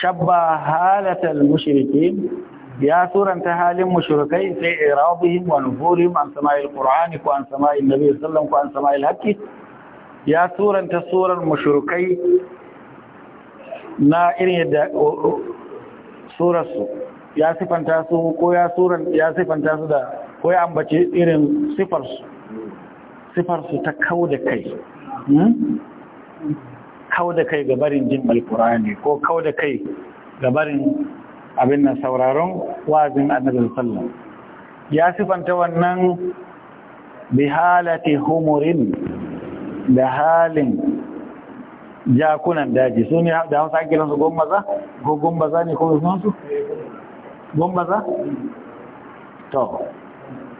shabba halatal mushrikin ya suranta halin mushrikai sai irabihim wa nufurihim an sama'il qur'ani ko an sama'il nabi sallallahu alaihi ko an sama'il haqqi ya suranta surar mushrikai na irin yadda su ya sifanta su ko ya suran ya sifanta su da ko ya ambace irin sifar su ta kau da kai kau da kai gabarin jin alkur'ani ko kau da kai gabarin abin nan sauraron wazin annabin sallam ya sifanta wannan bi halati humurin da halin jakunan daji su ne da hausa ake su gombaza ko gombaza ne ko sun su gombaza to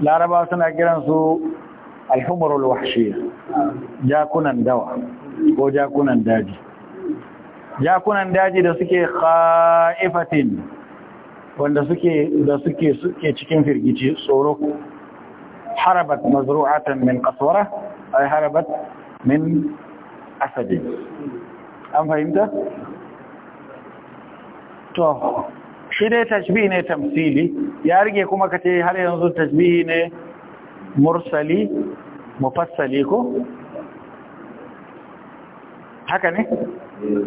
laraba suna kiransu alhumurul wahshiya jakunan dawa ko jakunan daji jakunan daji da suke khaifatin wanda suke da suke suke cikin firgici tsoro harabat mazru'atan min qaswara ay harabat min asad an fahimta to shi dai tashbihi ne tamsili ya rige kuma kace har yanzu tashbihi ne mursali mufassali ko haka ne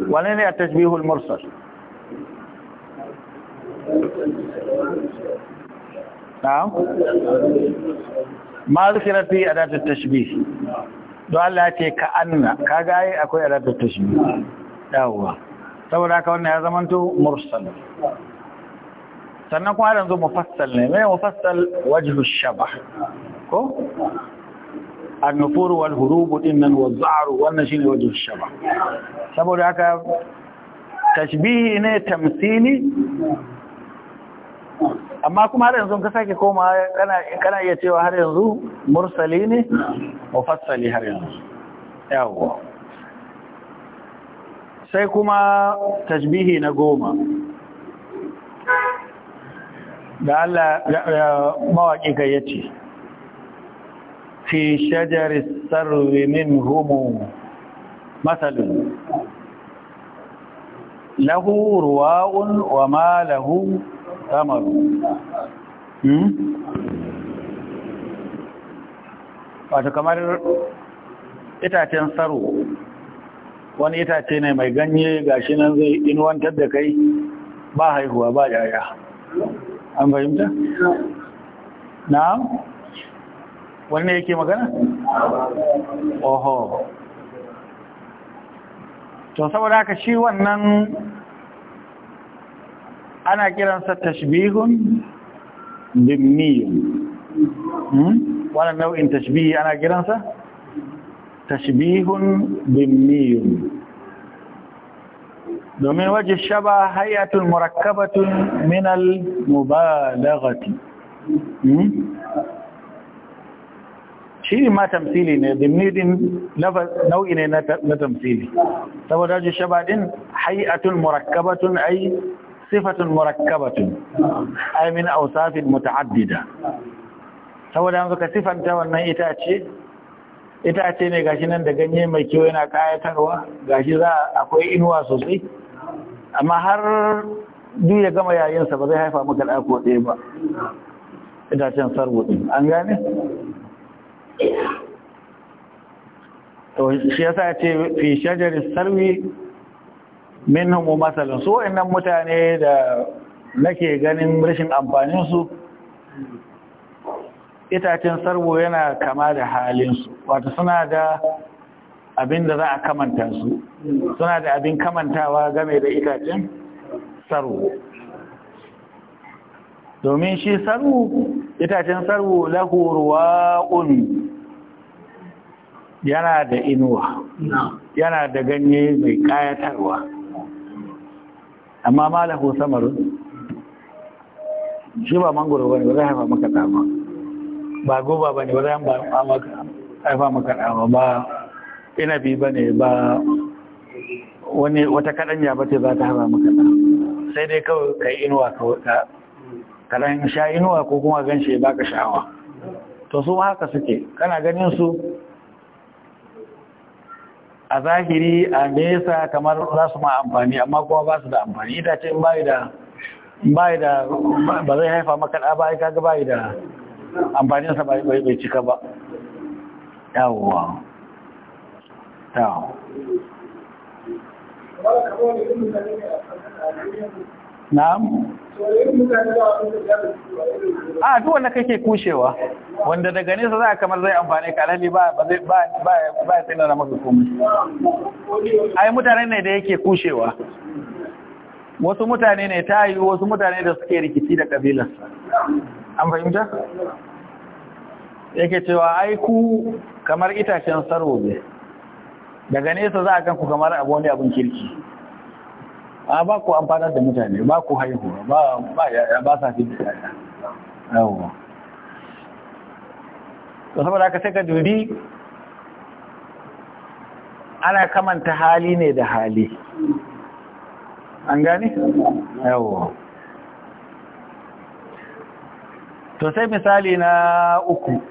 wane ne a tasbihul mursal na'am ma zikira fi adatut tashbih don Allah ce ka anna kaga ai akwai adatut tashbih dawowa saboda haka wannan ya zamanto mursal sannan kuma yanzu mufassal ne mai mufassal wajhu shabah ko annufuru wal hurubu dinnan wa za'aru wannan shine wajen shaba saboda haka tashbihi ne tamsili amma kuma har yanzu ka sake koma kana iya cewa har yanzu mursali ne mufassali har yanzu yawo sai kuma tashbihi na goma da Allah mawaƙi yace fi shajaris sarwe min homo matsalin lahu ruwa'un wa ma lahu samaru wato kamar itacen saro wani itace ne mai ganye gashi nan zai inuwantar da kai ba haihuwa ba yaya an fahimta? na'am wannan yake magana? oho to saboda haka shi wannan ana kiransa tashbihun bimmiyun hmm? wannan nau'in tashbihi ana kiransa tashbihun bimiyu domin waje shaba hayatun murakkabatun minal mubalaghati hmm? shi ma tamsili ne dimni din nau'i ne na tamsili saboda ji shabadin hay'atun murakkabatun ay sifatun murakkabatun ay min awsafin muta'addida saboda yanzu ka sifanta wannan itace itace ne gashi nan da ganye mai kyau yana kayatarwa gashi za akwai inuwa sosai amma har duk ya gama yayinsa ba zai haifa maka ko ɗaya ba itacen sarwudi an gane to shi yasa ce fi shajaris sarwi minhum masalun su wa'annan mutane da nake ganin rashin amfanin su itacen sarwo yana kama da halin su wato suna da abin da za a kamanta su suna da abin kamantawa game da itacen sarwo domin shi sarwo itacen sarwo lahu ruwa'un yana da inuwa yana da ganye mai kayatarwa amma lafi samarin shi ba mangoro ba ne ba zai haifa maka dama ba goba ba ne ba zai haifa maka dama ba inabi ba ne ba wani wata kaɗanya ba ce za ta haifa maka dama sai dai kawai ka inuwa ka kaɗan sha inuwa ko kuma gan shi ba ka sha'awa to su haka suke kana ganin su a zahiri a nesa kamar za su ma amfani amma kuma ba su da amfani ita ce bayi da bayi da ba zai haifa maka da ba kaga bayi da amfani sa bai bai cika ba yawon tawo na'am a duk wanda kake kushewa wanda daga nesa za a kamar zai amfani ka alhali ba ya tsinana maka komai ai mutane ne da yake kushewa wasu mutane ne ta yi wasu mutane da suke rikici da kabilarsa an fahimta? yake cewa ai ku kamar itacen saro daga nesa za a kanku kamar abu wani abin kirki a ba ku amfana da mutane ba ku haihu ba ba ya ba sa fi yaya yawwa to saboda aka sai ka duri ana kamanta hali ne da hali an gane yawo to sai misali na uku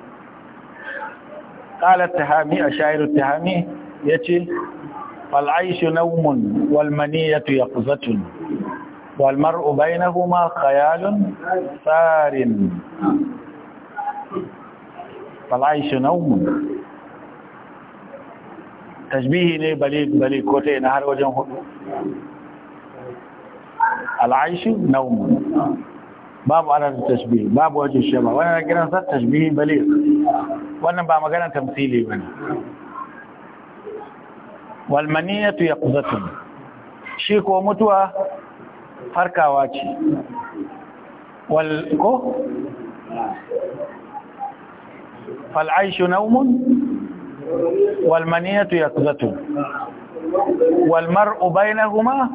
قال التهامي الشاعر التهامي يتي فالعيش نوم والمنية يقظة والمرء بينهما خيال سار فالعيش نوم تشبيه ني بليك بليك كوتي نهار وجن العيش نوم باب على التشبيه باب وجه الشبه وانا كده تشبيه بليغ وانا بقى مجانا تمثيلي wal maniyatu yaqzatun shi ko mutuwa harkawa ce wal ko fal aishu nawmun ya maniyatu yaqzatun wal mar'u bainahuma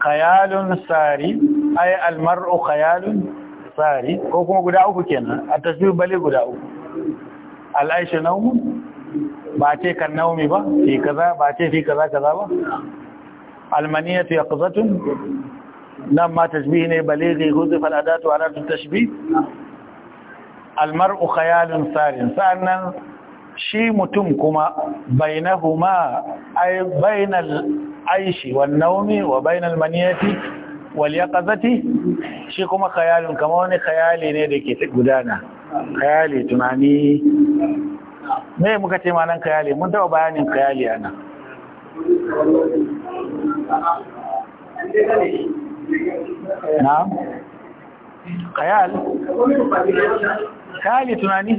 khayalun sari ay al mar'u khayalun sari ko kuma guda uku kenan at tasbih bali guda uku al aishu nawmun ba ce kan naumi ba fi kaza ba ce fi kaza kaza ba almaniyatu yaqzatun nan ma tashbih ne balighi huzifa al-adatu ala tashbih almar'u khayalun sarin sa'annan shi mutum kuma bainahuma ay bainal aishi wan naumi wa bainal maniyati wal yaqazati shi kuma khayalun kama wani khayali ne dake gudana khayali tunani me muka ce ma nan kayali mun taɓa bayanin kayali a nan na kayal kayali tunani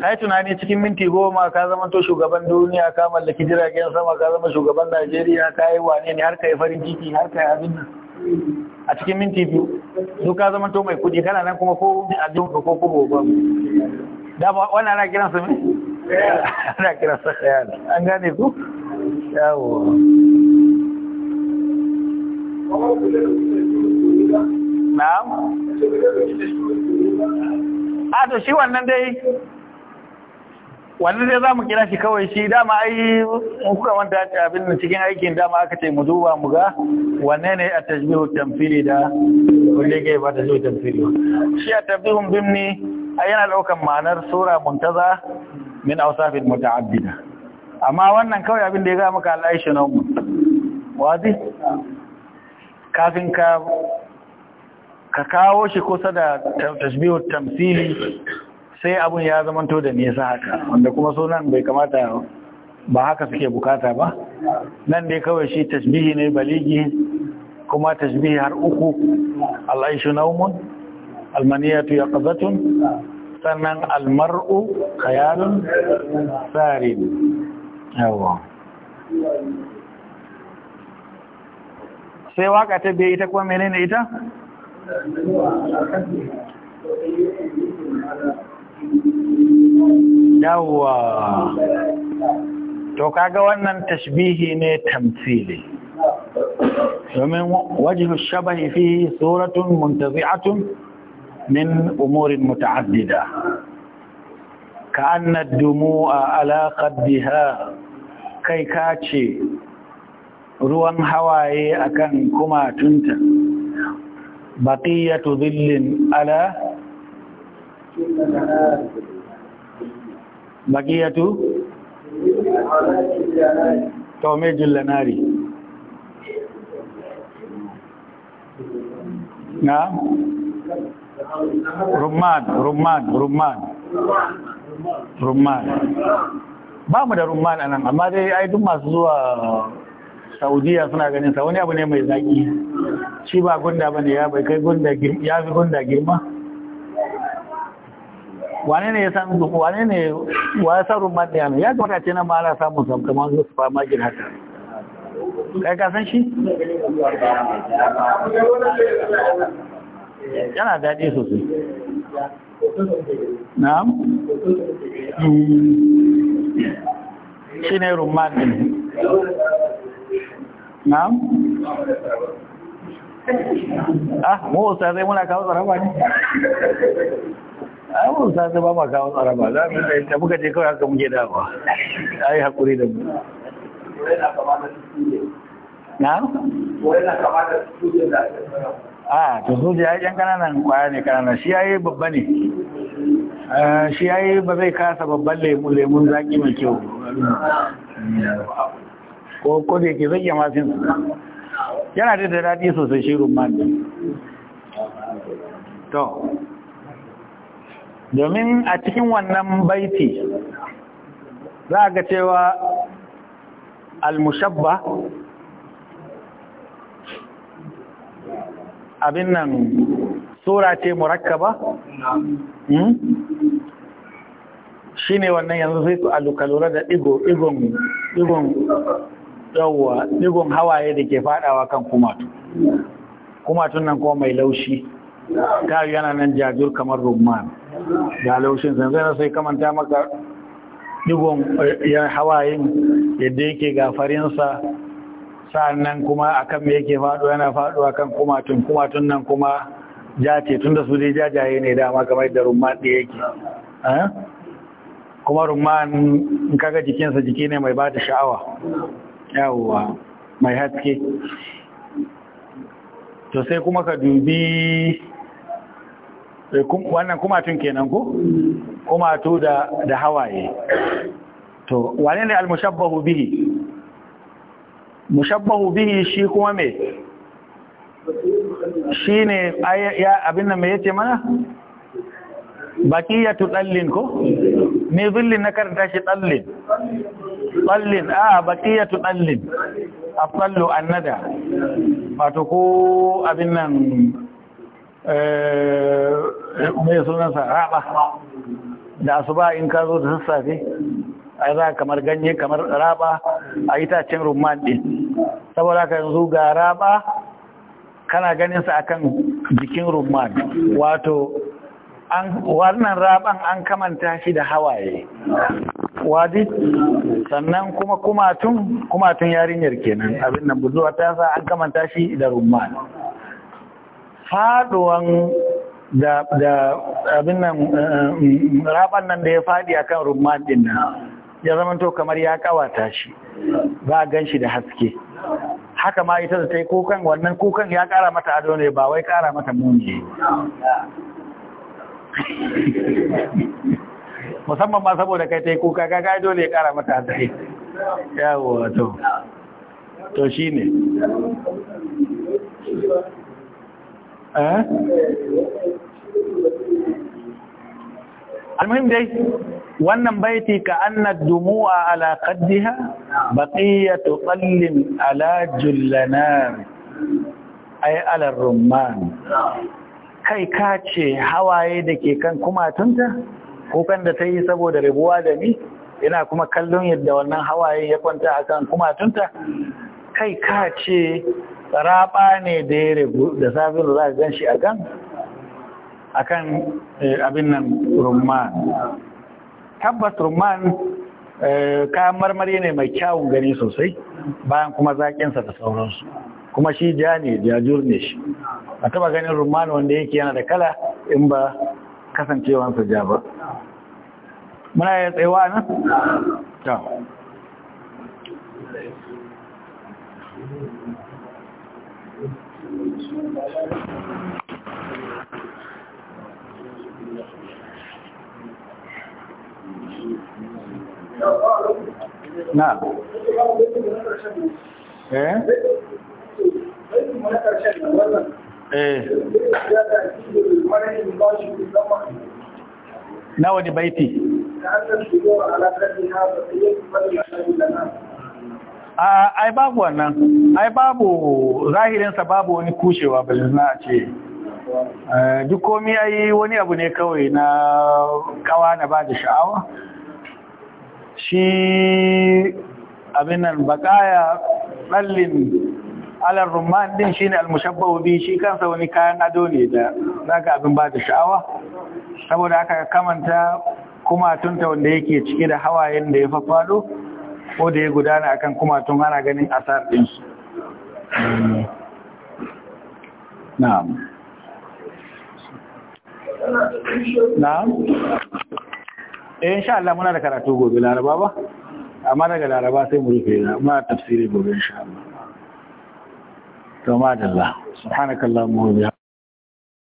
kai tunani cikin minti goma ka zama to shugaban duniya ka mallaki jiragen sama ka zama shugaban najeriya ka yi wane ne har ka yi farin ciki har ka yi abin nan a cikin minti biyu duk ka zama to mai kudi kana nan kuma ko abin ko kuma ba dama wannan ana kiransa me ana kiransa khayal an gane ku yawo na'am a ah, to shi wannan dai wannan dai za mu kira shi kawai shi dama ai in kuka manta abin da cikin aikin dama aka ce mu duba mu ga wanne ne a tajmihu tamfili da wanda ga ba ta zo tamfili shi a tabihun bimni yana daukan ma'anar sura muntaza min awsafil muta'abbida amma wannan kawai abin da ya ga maka Allah shi nan wazi kafin ka ka kawo shi kusa da tasbihu tamsili sai abun ya zamanto da nesa haka wanda kuma sunan bai kamata ba haka suke bukata ba nan dai kawai shi tasbihi ne baligi kuma tasbihi har uku Allah shi naumun almaniyatu yaqzatun sannan almar'u khayalun sarin yawa sai waka ta biye ita kuma menene ita yawa to kaga wannan tashbihi ne tamthili domin wajihu shabahi fi suratun muntazi'atun من أمور متعددة كأن الدموع على قدها كي كاتشي ruwan hawaye akan kumatunta baqiyatu dhillin ala baqiyatu tawmijul lanari na rumman rumman rumman rumman ba mu da rumman a nan amma dai ai duk masu zuwa saudiya suna ganin sa wani abu ne mai zaki shi ba gunda ba ne ya bai kai gunda ya fi gunda girma wane ne ya san wane ne wa ya san rumman ɗaya ne ya kamata ce na mara samun zuwa su gina haka kai ka san shi yana daɗi sosai na'am hmm. shi ne rumman ɗin na'am ah mu zai muna kawo tsaraba ne ai ah, mu ustazai ba ma kawo tsaraba za mu da muka je kawai haka muke dawa yi haƙuri da mu na? Wani na kamata su da a to soja ya yi yan kananan kwaya ne kananan shi ya yi babba ne shi ya yi ba zai kasa babban lemun zaƙi mai kyau ko ko ke yake zai iya masin yana da daɗi sosai shi rumman to domin a cikin wannan baiti za a ga cewa al-mushabba abin nan sura ce ba? Hmm? shi ne wannan yanzu sai ku alukalura da igon hawaye da ke fadawa kan kumatu kumatun nan kuma mai laushi ta yana nan jajur kamar rumman da laushin sanzu yana sai kamanta maka igon eh, hawayen yadda yake gafarinsa sa'annan kuma akan me yake faɗo yana faɗo akan kumatun kumatun nan kuma jace da su dai jajaye ne dama kamar da rumman ɗaya yake eh? kuma rumman in kaga jikinsa jiki ne mai ba sha'awa yawwa mai haske to sai kuma ka dubi eh, wannan kumatun kenan ko kumatu da da hawaye to wane ne al-mushabbahu bihi mushabbahu bihi shi kuma me shi ne abin da mai yace mana bakiyatu dallin ko me zillin na karanta shi dallin dallin a bakiyatu dallin afallu annada wato ko abin nan eh, mai sunansa raba da asuba in ka zo da sassafe a za kamar ganye kamar raba a yi itacen rumman din saboda ka yanzu ga raba kana ganin sa akan jikin rumman wato an wannan raban an kamanta shi da hawaye wadi sannan kuma kumatun kumatun yarinyar kenan abin nan buzuwa ta sa an kamanta shi da rumman faduwan da abin nan eh, raban nan da ya fadi akan rumman din nan ya zama to kamar ya kawata shi ba gan shi da haske haka ma ita da ta yi kukan wannan kukan ya ƙara mata ado ne ba wai ƙara mata muni musamman ma saboda kai ta yi kuka kaga dole ya ƙara mata ado yawo to to shi ne eh almuhim dai wannan baiti ka anna dumu'a ala qaddiha baqiyatu qallin ala jullanar ay ala rumman kai ka ce hawaye da ke kan kumatunta kan da ta yi saboda rabuwa da ni ina kuma kallon yadda wannan hawaye ya kwanta a kan kumatunta kai ka ce tsaraba ne da ya rabu da safin za ka gan shi a kan akan eh, abin nan rumman tabbas rumman eh, kayan marmari ne mai kyawun gani sosai bayan kuma zaƙinsa da sauransu kuma shi ja ne jajur ne shi a taba ganin rumman wanda yake yana da kala in ba kasancewansa ja ba muna ya wa nan? na eh? eh. wani baiti ai babu wannan ai babu zahirinsa babu wani kushewa balina a ce eh, duk komi ai wani abu ne kawai na kawa na ba da sha'awa shi abinan bakaya tsallin alar rumman din shine almushabbahu bi shi kansa wani kayan ado ne da ka abin ba da sha'awa saboda aka kamanta kumatunta wanda yake cike da hawayen da ya fafado ko da ya gudana akan kumatun hana ganin asar din su na'am na'am eh insha Allah muna da karatu gobe laraba ba amma daga laraba sai mu rufe na muna tafsiri gobe insha Allah to ma subhanakallahumma wa